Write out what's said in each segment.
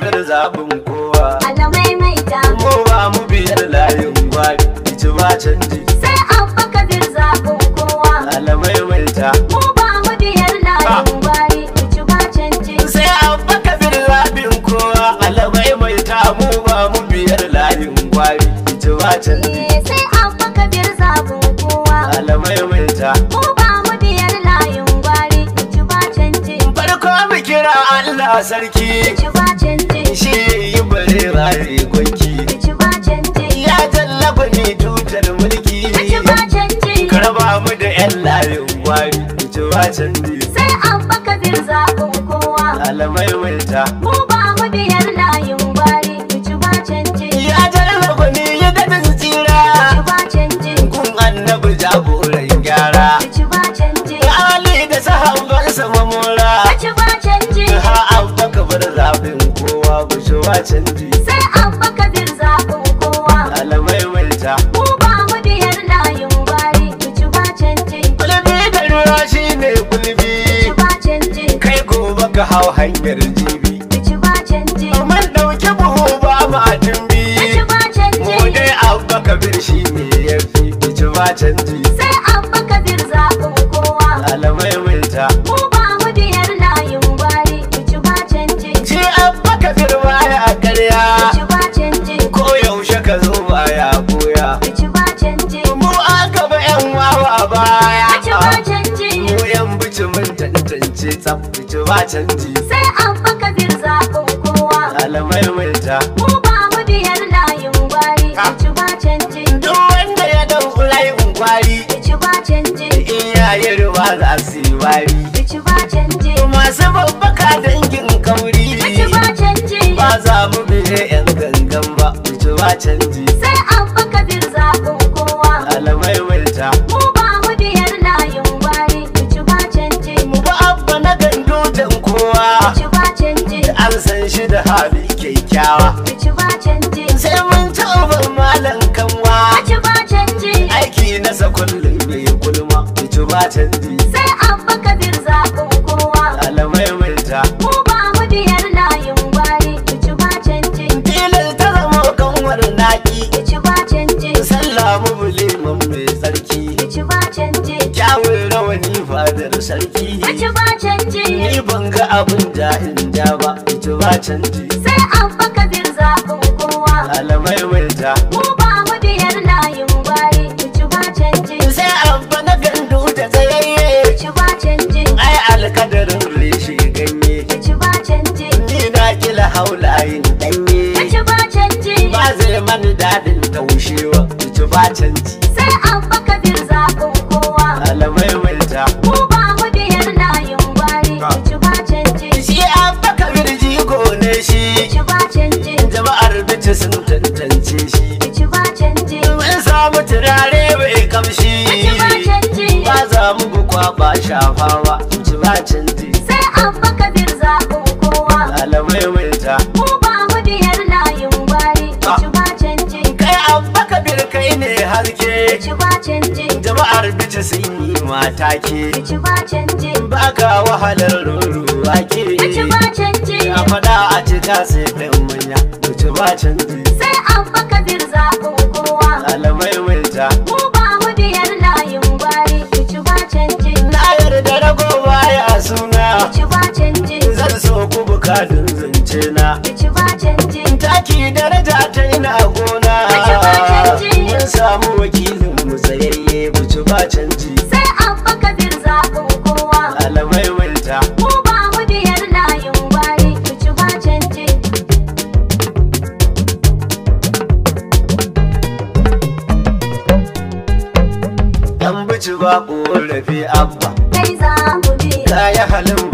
bin zaɓin kowa alamai mai ta kowa mu biyar layin gwabi ici ba canji sai an baka bin zaɓin kowa alamai mai ta mu ba mu biyar layin ah. gwabi ici ba canji sai an baka bin zaɓin kowa alamai mai ta mu ba mu biyar layin gwabi ici ba canji eh, sai an baka bin zaɓin kowa alamai mai ta mu biyar layin gwari ici ba canji farko mu kira Allah sarki shi yi bare raye gwanki ya tallaba ne tutar mulki karaba raba mu da yan layin gwari ci ba canji ba canji sai abba kabir zaɓin kowa alamai multa mu ba mu biyar layin gwari mu ci ba canji kulbi da ruwa shi ne kulbi ba canji kai gobe ka hau hanyar jibi mu ci ba canji man ɗauki buhu ba ma dimbi mu dai abba kabir shi ne yafi mu ci ba canji ba canji sai an baka zirza kowa alamai mai ta mu ba mu biyar layin gwari ci ba canji duk wanda ya dauki layin gwari ci ba canji iyaye ruwa za su yi wari ci ba canji masu babbaka dangin kauri ci ba canji ba za mu biye yan gangan ba ci ba canji sai an har naki sallah mubule man mai sarki kyawun rawani fadar sarki ni ban ga abin da in ja ba ita ba canji sai an baka bir kowa alamai mai kai mani dadin taushewa ki ci bacanci sai an baka bin zaɓin kowa alamai multa mu ba mu biyar layin gwari ki ci bacanci shi an baka bin jigo ne shi jama'ar sun tantance shi ki mun samu turare bai kamshi ki ci ba za mu kwaba shafawa ki ci bacanci sai an baka take jama'ar bici sun yi mata ke ba ka wahalar ba ke a fada a cika sai ɗan manya bici ba canji sai an baka birza kowa alamai mai mu ba mu biyar layin gwari bici ba canji na yarda rago baya suna bici ba canji zan so ku bukatun zance na bici ba canji taki daraja ta ina gona ya halin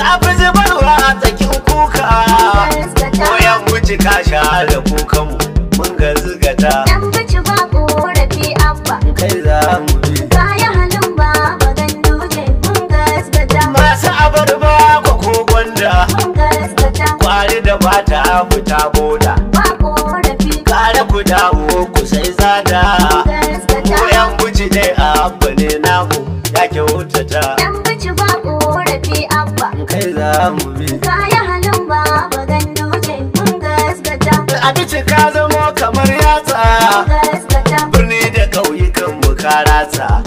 ta fi zubarwa a tsakin kuka ko yan wuce ka sha da kukan mu mun ga zigata dan bici ba korafi abba kai za mu bi kaya halin ba magan duje mun gaskata masu abarba ko ko gwanda mun gaskata kwari da bata fita boda za mu bi kaya halin ba. gando ce mun gaskata abici ka zamo kamar yatsa gaskata birni da ƙauyukan mu ka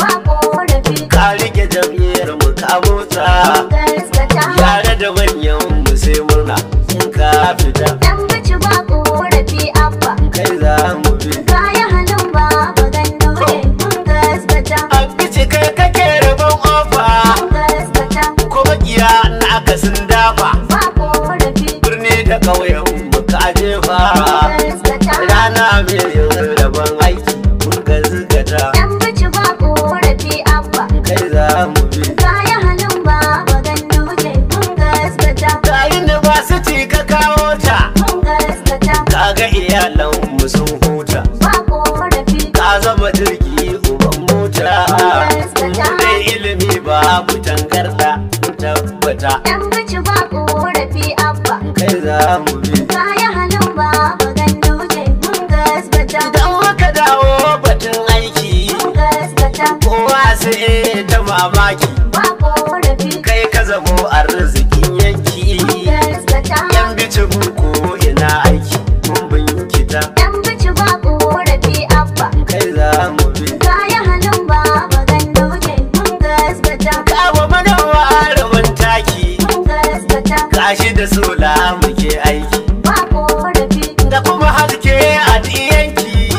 gashi da sola muke aiki da kuma haske a diyanki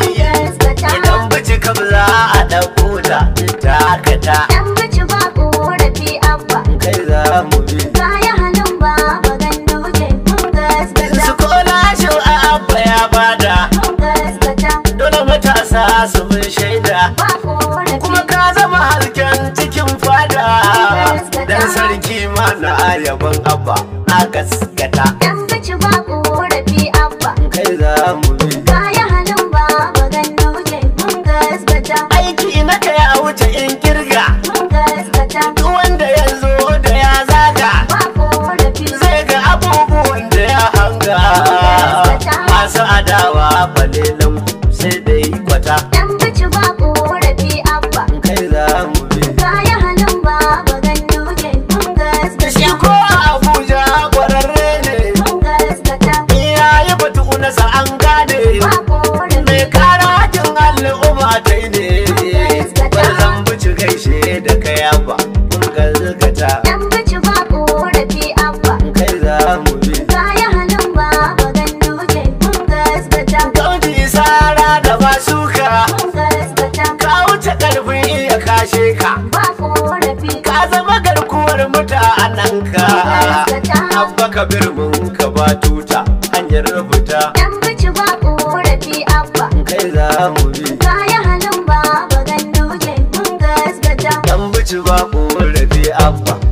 idan bici kabza a ɗauko ta dakata dan bici ba korafi abba kai za mu bi baya halin ba magan doje mun gasgata su kola shi a abba ya bada mun gasgata dole matasa su mun shaida kuma ka zama hasken cikin fada dan sarki ma na ayaban abba August. ka ba tuta hanyar rubuta dan bici ba korafi abba kai za mu bi kaya halin ba ba gan mun gasgata dan bici ba korafi abba